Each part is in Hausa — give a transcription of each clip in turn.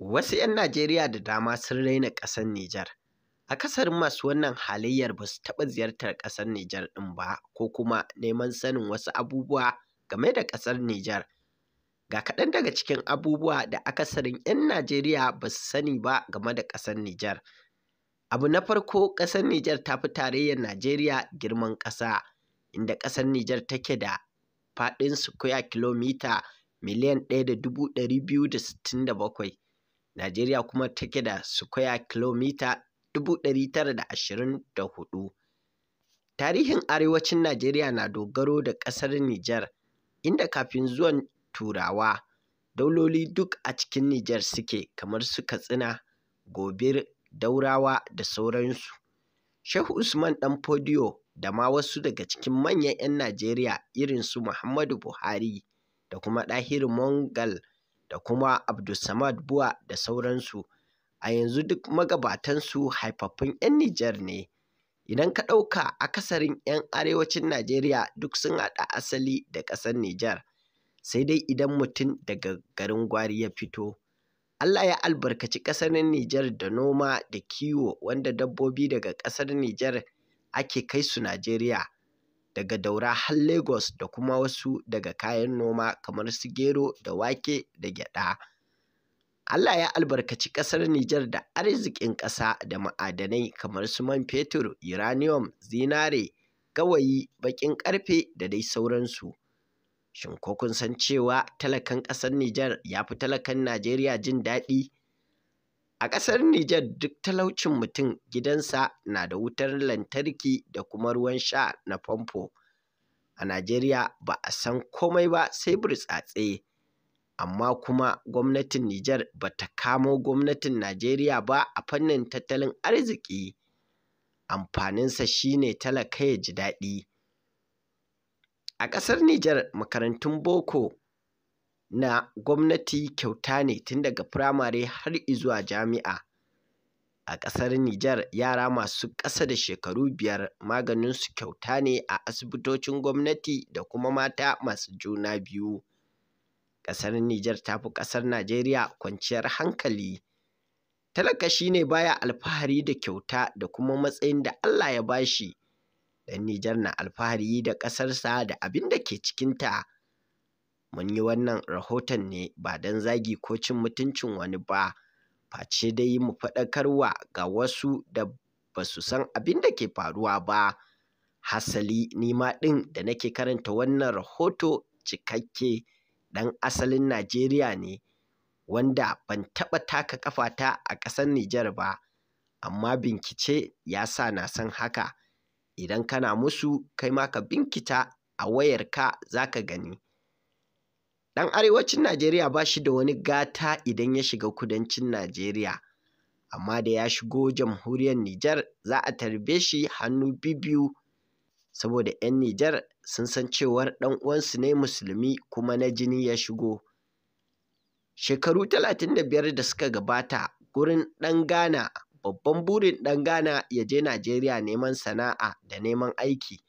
Wasu 'yan Najeriya da dama sun raina ƙasar Nijar. Akasarin masu wannan halayyar ba su taɓa ziyartar ƙasar Nijar ɗin ba ko kuma neman sanin wasu abubuwa game da ƙasar Nijar. Ga kaɗan daga cikin abubuwa da akasarin 'yan Najeriya ba su sani ba game da ƙasar Nijar. Abu na farko ƙasar Nijar ta fi tarayyar Najeriya girman ƙasa, inda ƙasar Nijar take da faɗin sukuya kilomita miliyan ɗaya da dubu ɗari biyu da sittin da bakwai. Najeriya kuma take da square kilomita 924. Tarihin arewacin Najeriya na dogaro da ƙasar Nijar, inda kafin zuwan Turawa, dauloli duk a cikin Nijar suke kamar su Katsina, Gobir, Daurawa da sauransu. Shehu Usman ɗan Fodiyo da ma wasu daga cikin manyan 'yan Najeriya irin su Muhammadu Buhari da kuma Ɗahiru Mongal da kuma Abdulsamad Bua da sauransu. A yanzu duk magabatansu haifaffun 'yan Nijar ne. Idan ka ɗauka akasarin 'yan arewacin Najeriya duk sun haɗa asali da ƙasar Nijar, sai dai idan mutum daga garin gwari ya fito. Allah ya albarkaci ƙasar Nijar da noma da kiwo wanda dabbobi daga ƙasar Nijar ake kai su Najeriya. daga Daura har Lagos da kuma wasu daga kayan noma kamar su gero da wake da gyada. Allah ya albarkaci ƙasar Nijar da arzikin ƙasa da ma'adanai kamar su man fetur, uranium, zinare, gawayi, baƙin ƙarfe da dai sauransu. Shin ko kun san cewa talakan ƙasar Nijar ya fi talakan Najeriya jin daɗi A ƙasar Nijar duk talaucin mutum gidansa na da wutar lantarki da kuma ruwan sha na famfo. A Najeriya ba a san komai ba sai burtsatse, amma kuma gwamnatin Nijar ba ta kamo gwamnatin Najeriya ba a fannin tattalin arziki. Amfaninsa shi ne talaka ya ji daɗi. A ƙasar Nijar makarantun boko na gwamnati kyauta ne tun daga firamare har izuwa jami'a. A ƙasar Nijar yara masu ƙasa da shekaru biyar maganinsu kyauta ne a asibitocin gwamnati da kuma mata masu juna biyu. Ƙasar Nijar ta fi ƙasar Najeriya kwanciyar hankali. Talaka shi ne baya alfahari da kyauta da kuma matsayin da Allah ya bashi. Dan Nijar na alfahari da ƙasarsa da abin da ke cikinta. mun yi wannan rahoton ne ba don zagi ko cin mutuncin wani ba face dai mu faɗakarwa ga wasu da ba su san abin da ke faruwa ba hasali nima ɗin da nake karanta wannan rahoto cikakke ɗan asalin Najeriya ne wanda ban taɓa taka ƙafata a ƙasar Nijar ba amma bincike ya sa na san haka idan kana musu kai ma ka binkita a wayarka za ka gani Ɗan arewacin Najeriya ba shi da wani gata idan ya shiga kudancin Najeriya, amma da ya shigo jamhuriyar Nijar za a tarbe shi hannu bibbiyu saboda 'yan Nijar sun san cewar uwansu ne musulmi kuma na jini ya shigo. Shekaru 35 da suka gabata, gurin ɗan Ghana, babban burin ɗan Ghana ya je Najeriya neman sana'a da neman aiki.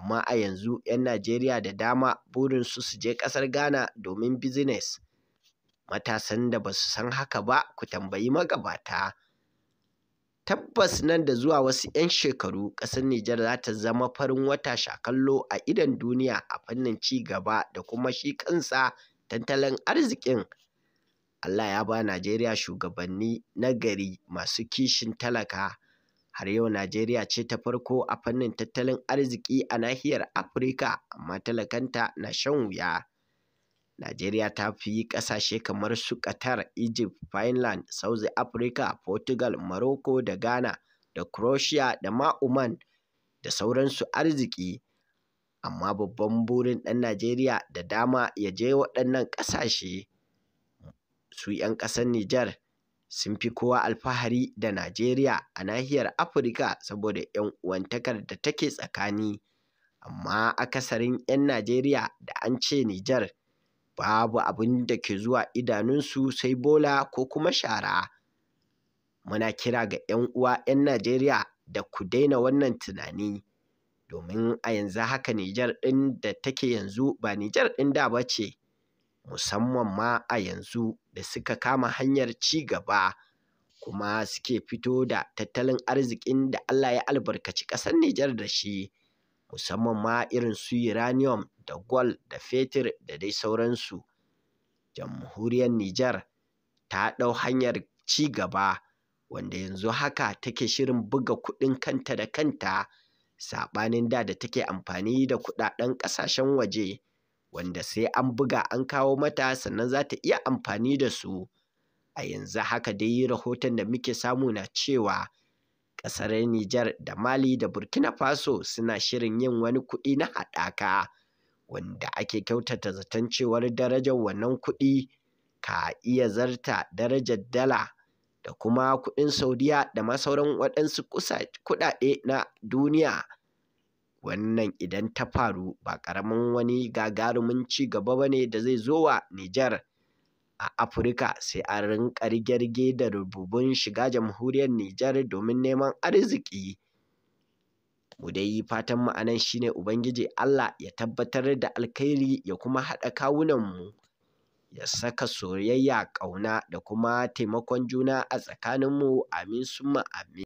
amma a yanzu 'yan Najeriya da dama burinsu su je ƙasar Ghana domin business. Matasan da ba su san haka ba ku tambayi magabata. Tabbas nan da zuwa wasu 'yan shekaru ƙasar Nijar za ta zama farin wata shakallo a idon duniya a fannin ci gaba da kuma shi kansa tattalin arzikin. Allah ya ba Najeriya shugabanni nagari masu kishin talaka. har yau Najeriya ce ta farko a fannin tattalin arziki a nahiyar Afirka amma talakanta na shan wuya. Najeriya ta fi ƙasashe kamar su Qatar, Egypt, Finland, South Africa, Portugal, Morocco da Ghana da Croatia da ma Oman da sauransu arziki. Amma babban burin ɗan Najeriya da dama ya je waɗannan ƙasashe. Su 'yan ƙasar Nijar sun fi kowa alfahari da Najeriya a nahiyar Afirka saboda 'yan uwantakar da take tsakani, amma akasarin 'yan Najeriya da an ce Nijar babu abin da ke zuwa idanunsu sai bola ko kuma shara. Muna kira ga 'yan uwa 'yan Najeriya da ku daina wannan tunani, domin a yanzu haka Nijar ɗin da take yanzu ba Nijar ɗin da ba ce. musamman ma a yanzu da suka kama hanyar ci gaba kuma suke fito da tattalin arzikin da Allah ya albarkaci ƙasar Nijar da shi musamman ma irin su uranium da gwal da fetur da dai sauransu. Jamhuriyar Nijar ta ɗau hanyar ci gaba wanda yanzu haka take shirin buga kuɗin kanta da kanta saɓanin da da take amfani da kuɗaɗen ƙasashen waje. wanda sai an buga an kawo mata sannan za ta iya amfani da su a yanzu haka dai rahoton da muke samu na cewa ƙasar Nijar da Mali da Burkina Faso suna shirin yin wani kuɗi na haɗaka wanda ake kyautata zaton cewar darajar wannan kuɗi ka iya zarta darajar dala da kuma kuɗin Saudiya da ma sauran waɗansu kuɗaɗe na duniya. wannan idan ta faru ba ƙaramin wani gagarumin ci gaba ba ne da zai zo wa Nijar a Afirka sai an rinƙa rige-rige da rububun shiga jamhuriyar Nijar domin neman arziki. Mu dai fatan mu anan shine Ubangiji Allah ya tabbatar da alkhairi ya kuma haɗa kawunanmu ya saka soyayya ƙauna da kuma taimakon juna a tsakaninmu amin summa amin.